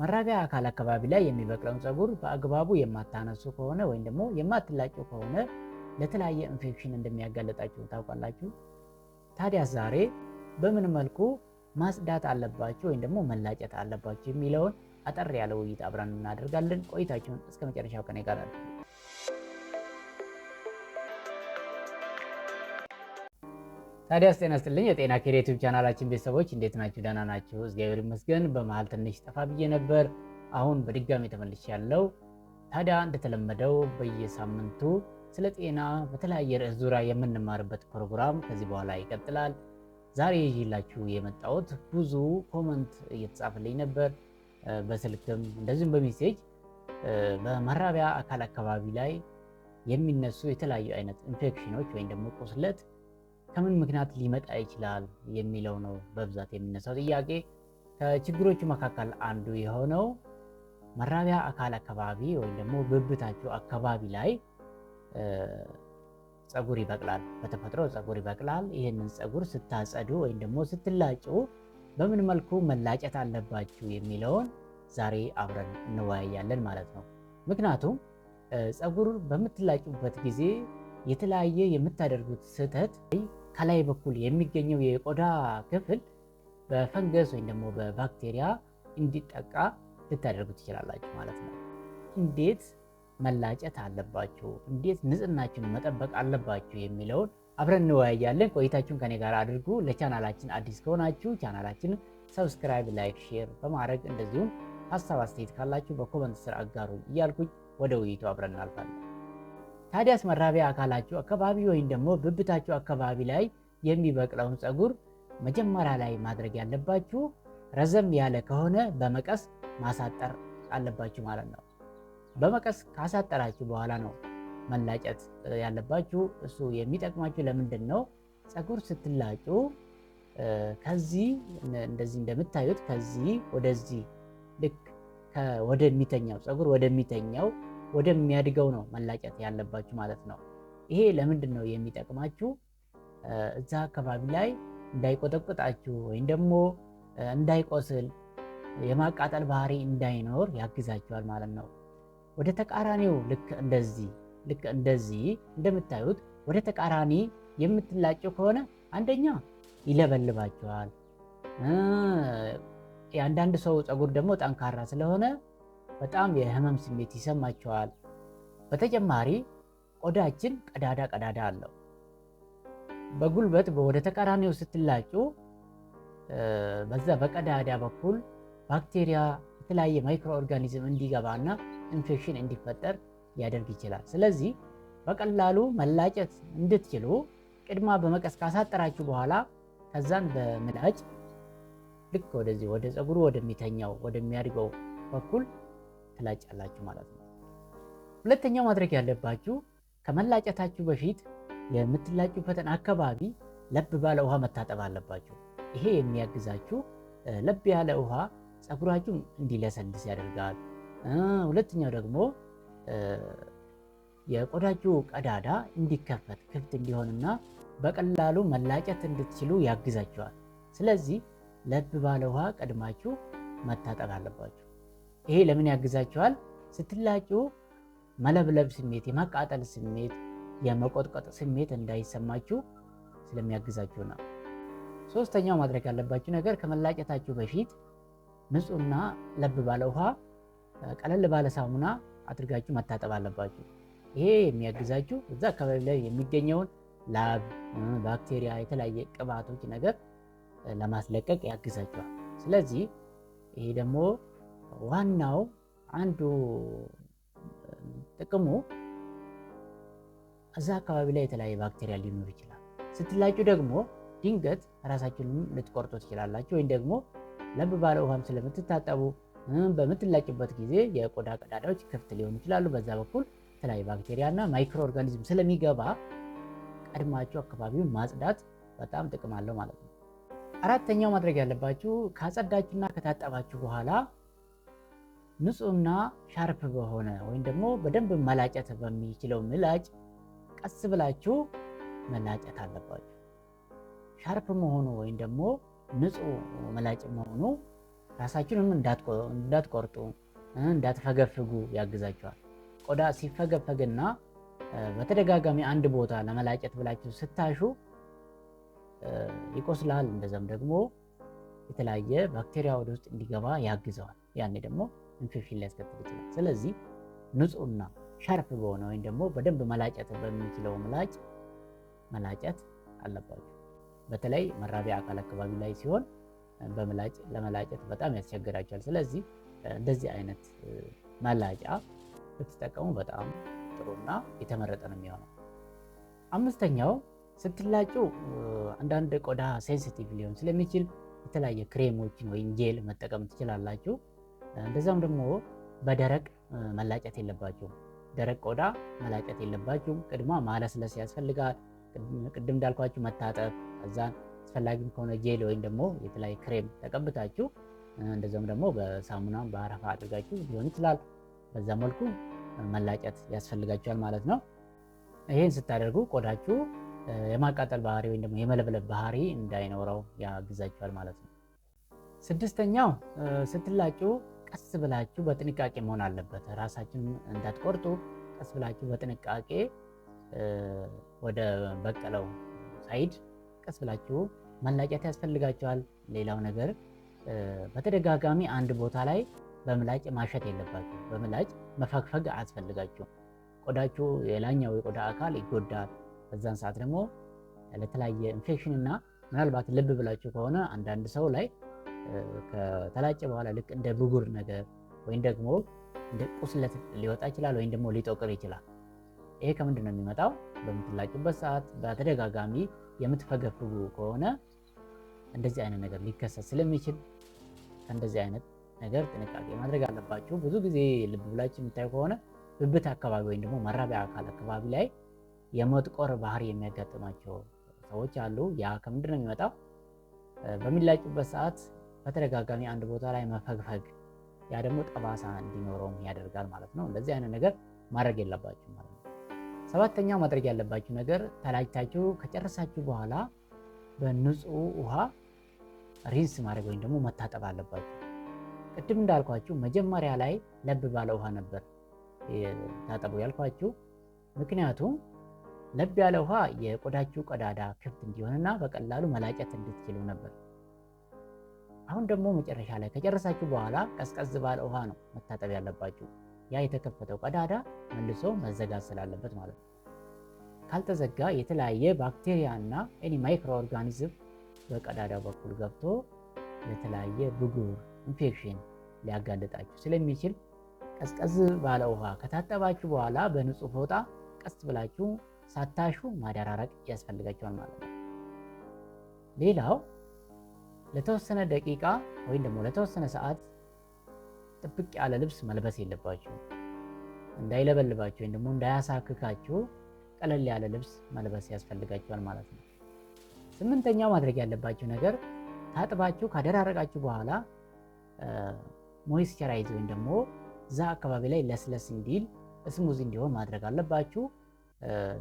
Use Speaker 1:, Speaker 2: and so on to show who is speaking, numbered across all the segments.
Speaker 1: መራቢያ አካል አካባቢ ላይ የሚበቅለውን ፀጉር በአግባቡ የማታነሱ ከሆነ ወይም ደግሞ የማትላጩ ከሆነ ለተለያየ ኢንፌክሽን እንደሚያጋለጣችሁ ታውቃላችሁ። ታዲያ ዛሬ በምን መልኩ ማጽዳት አለባችሁ ወይም ደግሞ መላጨት አለባችሁ የሚለውን አጠር ያለ ውይይት አብረን እናደርጋለን። ቆይታችሁን እስከ መጨረሻው ከኔ ጋር ታዲያስ ጤና የጤና ኬር ዩቲዩብ ቻናላችን ቤተሰቦች እንዴት ናችሁ? ደህና ናችሁ? እግዚአብሔር ይመስገን። በመሀል ትንሽ ጠፋ ብዬ ነበር። አሁን በድጋሚ ተመልሼ ያለው። ታዲያ እንደተለመደው በየሳምንቱ ስለ ጤና በተለያየ ርዕስ ዙሪያ የምንማርበት ፕሮግራም ከዚህ በኋላ ይቀጥላል። ዛሬ ይዤላችሁ የመጣሁት ብዙ ኮመንት እየተጻፈልኝ ነበር፣ በስልክም እንደዚሁም በሜሴጅ በመራቢያ አካል አካባቢ ላይ የሚነሱ የተለያዩ አይነት ኢንፌክሽኖች ወይም ደግሞ ቁስለት ከምን ምክንያት ሊመጣ ይችላል የሚለው ነው በብዛት የሚነሳው ጥያቄ። ከችግሮቹ መካከል አንዱ የሆነው መራቢያ አካል አካባቢ ወይም ደግሞ ብብታችሁ አካባቢ ላይ ፀጉር ይበቅላል። በተፈጥሮ ፀጉር ይበቅላል። ይህንን ፀጉር ስታጸዱ ወይም ደግሞ ስትላጩ በምን መልኩ መላጨት አለባችሁ የሚለውን ዛሬ አብረን እንወያያለን ማለት ነው። ምክንያቱም ፀጉር በምትላጩበት ጊዜ የተለያየ የምታደርጉት ስህተት ከላይ በኩል የሚገኘው የቆዳ ክፍል በፈንገስ ወይም ደግሞ በባክቴሪያ እንዲጠቃ ልታደርጉ ትችላላችሁ ማለት ነው። እንዴት መላጨት አለባችሁ፣ እንዴት ንጽህናችሁን መጠበቅ አለባችሁ የሚለውን አብረን እንወያያለን። ቆይታችሁን ከኔ ጋር አድርጉ። ለቻናላችን አዲስ ከሆናችሁ ቻናላችን ሰብስክራይብ፣ ላይክ፣ ሼር በማድረግ እንደዚሁም ሀሳብ አስተያየት ካላችሁ በኮመንት ስር አጋሩ እያልኩኝ ወደ ውይይቱ አብረን እናልፋለን። ታዲያስ መራቢያ አካላቸው አካባቢ ወይም ደግሞ ብብታቸው አካባቢ ላይ የሚበቅለውን ፀጉር መጀመሪያ ላይ ማድረግ ያለባችሁ ረዘም ያለ ከሆነ በመቀስ ማሳጠር አለባችሁ ማለት ነው። በመቀስ ካሳጠራችሁ በኋላ ነው መላጨት ያለባችሁ። እሱ የሚጠቅማችሁ ለምንድን ነው? ፀጉር ስትላጩ ከዚህ እንደዚህ እንደምታዩት ከዚህ ወደዚህ ልክ ወደሚተኛው ፀጉር ወደሚተኛው ወደሚያድገው ነው መላጨት ያለባችሁ ማለት ነው። ይሄ ለምንድን ነው የሚጠቅማችሁ? እዛ አካባቢ ላይ እንዳይቆጠቁጣችሁ ወይም ደግሞ እንዳይቆስል የማቃጠል ባህሪ እንዳይኖር ያግዛችኋል ማለት ነው። ወደ ተቃራኒው ልክ እንደዚህ ልክ እንደዚህ እንደምታዩት ወደ ተቃራኒ የምትላጨው ከሆነ አንደኛ ይለበልባችኋል። የአንዳንድ ሰው ፀጉር ደግሞ ጠንካራ ስለሆነ በጣም የህመም ስሜት ይሰማቸዋል። በተጨማሪ ቆዳችን ቀዳዳ ቀዳዳ አለው። በጉልበት ወደ ተቃራኒው ስትላጩ በዛ በቀዳዳ በኩል ባክቴሪያ፣ የተለያየ ማይክሮ ኦርጋኒዝም እንዲገባና ኢንፌክሽን እንዲፈጠር ሊያደርግ ይችላል። ስለዚህ በቀላሉ መላጨት እንድትችሉ ቅድማ በመቀስ ካሳጠራችሁ በኋላ ከዛን በምላጭ ልክ ወደዚህ ወደ ፀጉሩ ወደሚተኛው ወደሚያድገው በኩል ትላጫላችሁ ማለት ነው። ሁለተኛው ማድረግ ያለባችሁ ከመላጨታችሁ በፊት የምትላጩበትን አካባቢ ለብ ባለ ውሃ መታጠብ አለባችሁ። ይሄ የሚያግዛችሁ ለብ ያለ ውሃ ጸጉራችሁን እንዲለሰልስ ያደርጋል። ሁለተኛው ደግሞ የቆዳችሁ ቀዳዳ እንዲከፈት ክፍት እንዲሆንና በቀላሉ መላጨት እንድትችሉ ያግዛችኋል። ስለዚህ ለብ ባለ ውሃ ቀድማችሁ መታጠብ አለባችሁ። ይሄ ለምን ያግዛችኋል? ስትላጩ መለብለብ ስሜት፣ የማቃጠል ስሜት፣ የመቆጥቀጥ ስሜት እንዳይሰማችሁ ስለሚያግዛችሁ ነው። ሶስተኛው ማድረግ ያለባችሁ ነገር ከመላጨታችሁ በፊት ንጹህና ለብ ባለ ውሃ ቀለል ባለ ሳሙና አድርጋችሁ መታጠብ አለባችሁ። ይሄ የሚያግዛችሁ እዛ አካባቢ ላይ የሚገኘውን ላብ፣ ባክቴሪያ፣ የተለያየ ቅባቶች ነገር ለማስለቀቅ ያግዛችኋል። ስለዚህ ይሄ ደግሞ ዋናው አንዱ ጥቅሙ እዛ አካባቢ ላይ የተለያየ ባክቴሪያ ሊኖር ይችላል። ስትላጩ ደግሞ ድንገት ራሳችሁንም ልትቆርጡ ትችላላችሁ። ወይም ደግሞ ለብ ባለ ውሃም ስለምትታጠቡ በምትላጭበት ጊዜ የቆዳ ቀዳዳዎች ክፍት ሊሆኑ ይችላሉ። በዛ በኩል የተለያዩ ባክቴሪያ እና ማይክሮ ኦርጋኒዝም ስለሚገባ ቀድማችሁ አካባቢውን ማጽዳት በጣም ጥቅም አለው ማለት ነው። አራተኛው ማድረግ ያለባችሁ ካጸዳችሁና ከታጠባችሁ በኋላ ንጹህና ሻርፕ በሆነ ወይም ደግሞ በደንብ መላጨት በሚችለው ምላጭ ቀስ ብላችሁ መላጨት አለባችሁ። ሻርፕ መሆኑ ወይም ደግሞ ንጹህ መላጭ መሆኑ ራሳችሁንም እንዳትቆርጡ እንዳትፈገፍጉ ያግዛችኋል። ቆዳ ሲፈገፈግና በተደጋጋሚ አንድ ቦታ ለመላጨት ብላችሁ ስታሹ ይቆስላል። እንደዚያም ደግሞ የተለያየ ባክቴሪያ ወደ ውስጥ እንዲገባ ያግዘዋል። ያኔ ደግሞ ኢንፌክሽን ሊያስከትል ይችላል። ስለዚህ ንጹህና ሻርፕ በሆነ ወይም ደግሞ በደንብ መላጨት በሚችለው ምላጭ መላጨት አለባችሁ። በተለይ መራቢያ አካል አካባቢ ላይ ሲሆን በምላጭ ለመላጨት በጣም ያስቸግራቸዋል። ስለዚህ እንደዚህ አይነት መላጫ ብትጠቀሙ በጣም ጥሩና የተመረጠ ነው የሚሆነው። አምስተኛው ስትላጩ አንዳንድ ቆዳ ሴንሲቲቭ ሊሆን ስለሚችል የተለያየ ክሬሞችን ወይም ጄል መጠቀም ትችላላችሁ። እንደዚያም ደግሞ በደረቅ መላጨት የለባችሁም። ደረቅ ቆዳ መላጨት የለባችሁም። ቅድማ ማለስለስ ያስፈልጋል። ቅድም እንዳልኳችሁ መታጠብ፣ ከዛን አስፈላጊም ከሆነ ጄል ወይም ደግሞ የተለያዩ ክሬም ተቀብታችሁ እንደዚም ደግሞ በሳሙና በአረፋ አድርጋችሁ ሊሆን ይችላል። በዛ መልኩ መላጨት ያስፈልጋችኋል ማለት ነው። ይህን ስታደርጉ ቆዳችሁ የማቃጠል ባህሪ ወይም ደግሞ የመለብለብ ባህሪ እንዳይኖረው ያግዛችኋል ማለት ነው። ስድስተኛው ስትላጩ ቀስ ብላችሁ በጥንቃቄ መሆን አለበት። ራሳችን እንዳትቆርጡ፣ ቀስ ብላችሁ በጥንቃቄ ወደ በቀለው ሳይድ ቀስ ብላችሁ መላጨት ያስፈልጋቸዋል። ሌላው ነገር በተደጋጋሚ አንድ ቦታ ላይ በምላጭ ማሸት የለባችሁ። በምላጭ መፈግፈግ አያስፈልጋችሁም። ቆዳችሁ የላኛው የቆዳ አካል ይጎዳል። በዛን ሰዓት ደግሞ ለተለያየ ኢንፌክሽን እና ምናልባት ልብ ብላችሁ ከሆነ አንዳንድ ሰው ላይ ከተላጨ በኋላ ልክ እንደ ብጉር ነገር ወይም ደግሞ እንደ ቁስለት ሊወጣ ይችላል፣ ወይም ደግሞ ሊጠቅር ይችላል። ይሄ ከምንድን ነው የሚመጣው? በምትላጩበት ሰዓት በተደጋጋሚ የምትፈገፍጉ ከሆነ እንደዚህ አይነት ነገር ሊከሰት ስለሚችል ከእንደዚህ አይነት ነገር ጥንቃቄ ማድረግ አለባችሁ። ብዙ ጊዜ ልብ ብላችሁ የምታዩ ከሆነ ብብት አካባቢ ወይም ደግሞ መራቢያ አካል አካባቢ ላይ የመጥቆር ባህሪ የሚያጋጥማቸው ሰዎች አሉ። ያ ከምንድን ነው የሚመጣው? በሚላጩበት ሰዓት በተደጋጋሚ አንድ ቦታ ላይ መፈግፈግ፣ ያ ደግሞ ጠባሳ እንዲኖረውም ያደርጋል ማለት ነው። እንደዚህ አይነት ነገር ማድረግ የለባችሁ ማለት ነው። ሰባተኛው ማድረግ ያለባችሁ ነገር ተላጭታችሁ ከጨረሳችሁ በኋላ በንጹህ ውሃ ሪንስ ማድረግ ወይም ደግሞ መታጠብ አለባችሁ። ቅድም እንዳልኳችሁ መጀመሪያ ላይ ለብ ባለ ውሃ ነበር ታጠቡ ያልኳችሁ። ምክንያቱም ለብ ያለ ውሃ የቆዳችሁ ቀዳዳ ክፍት እንዲሆንና በቀላሉ መላጨት እንድትችሉ ነበር። አሁን ደግሞ መጨረሻ ላይ ከጨረሳችሁ በኋላ ቀዝቀዝ ባለ ውሃ ነው መታጠብ ያለባችሁ። ያ የተከፈተው ቀዳዳ መልሶ መዘጋት ስላለበት ማለት ነው። ካልተዘጋ የተለያየ ባክቴሪያ እና ኤኒ ማይክሮ ኦርጋኒዝም በቀዳዳ በኩል ገብቶ የተለያየ ብጉር ኢንፌክሽን ሊያጋልጣችሁ ስለሚችል ቀዝቀዝ ባለ ውሃ ከታጠባችሁ በኋላ በንጹህ ፎጣ ቀስ ብላችሁ ሳታሹ ማደራረቅ ያስፈልጋቸዋል ማለት ነው። ሌላው ለተወሰነ ደቂቃ ወይም ደግሞ ለተወሰነ ሰዓት ጥብቅ ያለ ልብስ መልበስ የለባችሁ። እንዳይለበልባችሁ ወይም ደግሞ እንዳያሳክካችሁ ቀለል ያለ ልብስ መልበስ ያስፈልጋችኋል ማለት ነው። ስምንተኛው ማድረግ ያለባችሁ ነገር ታጥባችሁ ካደራረቃችሁ በኋላ ሞይስቸራይዝ ወይም ደግሞ እዛ አካባቢ ላይ ለስለስ እንዲል እስሙዝ እንዲሆን ማድረግ አለባችሁ።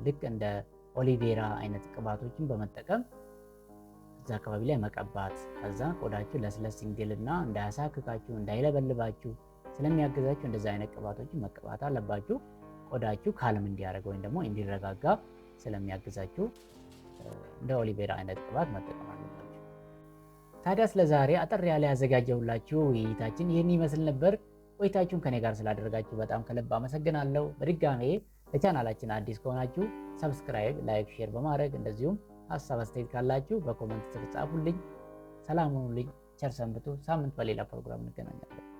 Speaker 1: ልክ እንደ ኦሊቬራ አይነት ቅባቶችን በመጠቀም እዛ አካባቢ ላይ መቀባት ከዛ ቆዳችሁ ለስለስ እንዲልና እንዳያሳክካችሁ እንዳይለበልባችሁ ስለሚያግዛችሁ እንደዚ አይነት ቅባቶችን መቀባት አለባችሁ። ቆዳችሁ ካልም እንዲያደርግ ወይም ደግሞ እንዲረጋጋ ስለሚያግዛችሁ እንደ ኦሊቬራ አይነት ቅባት መጠቀም አለባችሁ። ታዲያ ስለ ዛሬ አጠር ያለ ያዘጋጀሁላችሁ ውይይታችን ይህን ይመስል ነበር። ቆይታችሁን ከኔ ጋር ስላደረጋችሁ በጣም ከልብ አመሰግናለሁ። በድጋሜ ለቻናላችን አዲስ ከሆናችሁ ሰብስክራይብ፣ ላይክ፣ ሼር በማድረግ እንደዚሁም ሀሳብ አስተያየት ካላችሁ በኮመንት ስር ጻፉልኝ። ሰላም ሁኑልኝ። ቸር ሰንብቱ። ሳምንት በሌላ ፕሮግራም እንገናኛለን።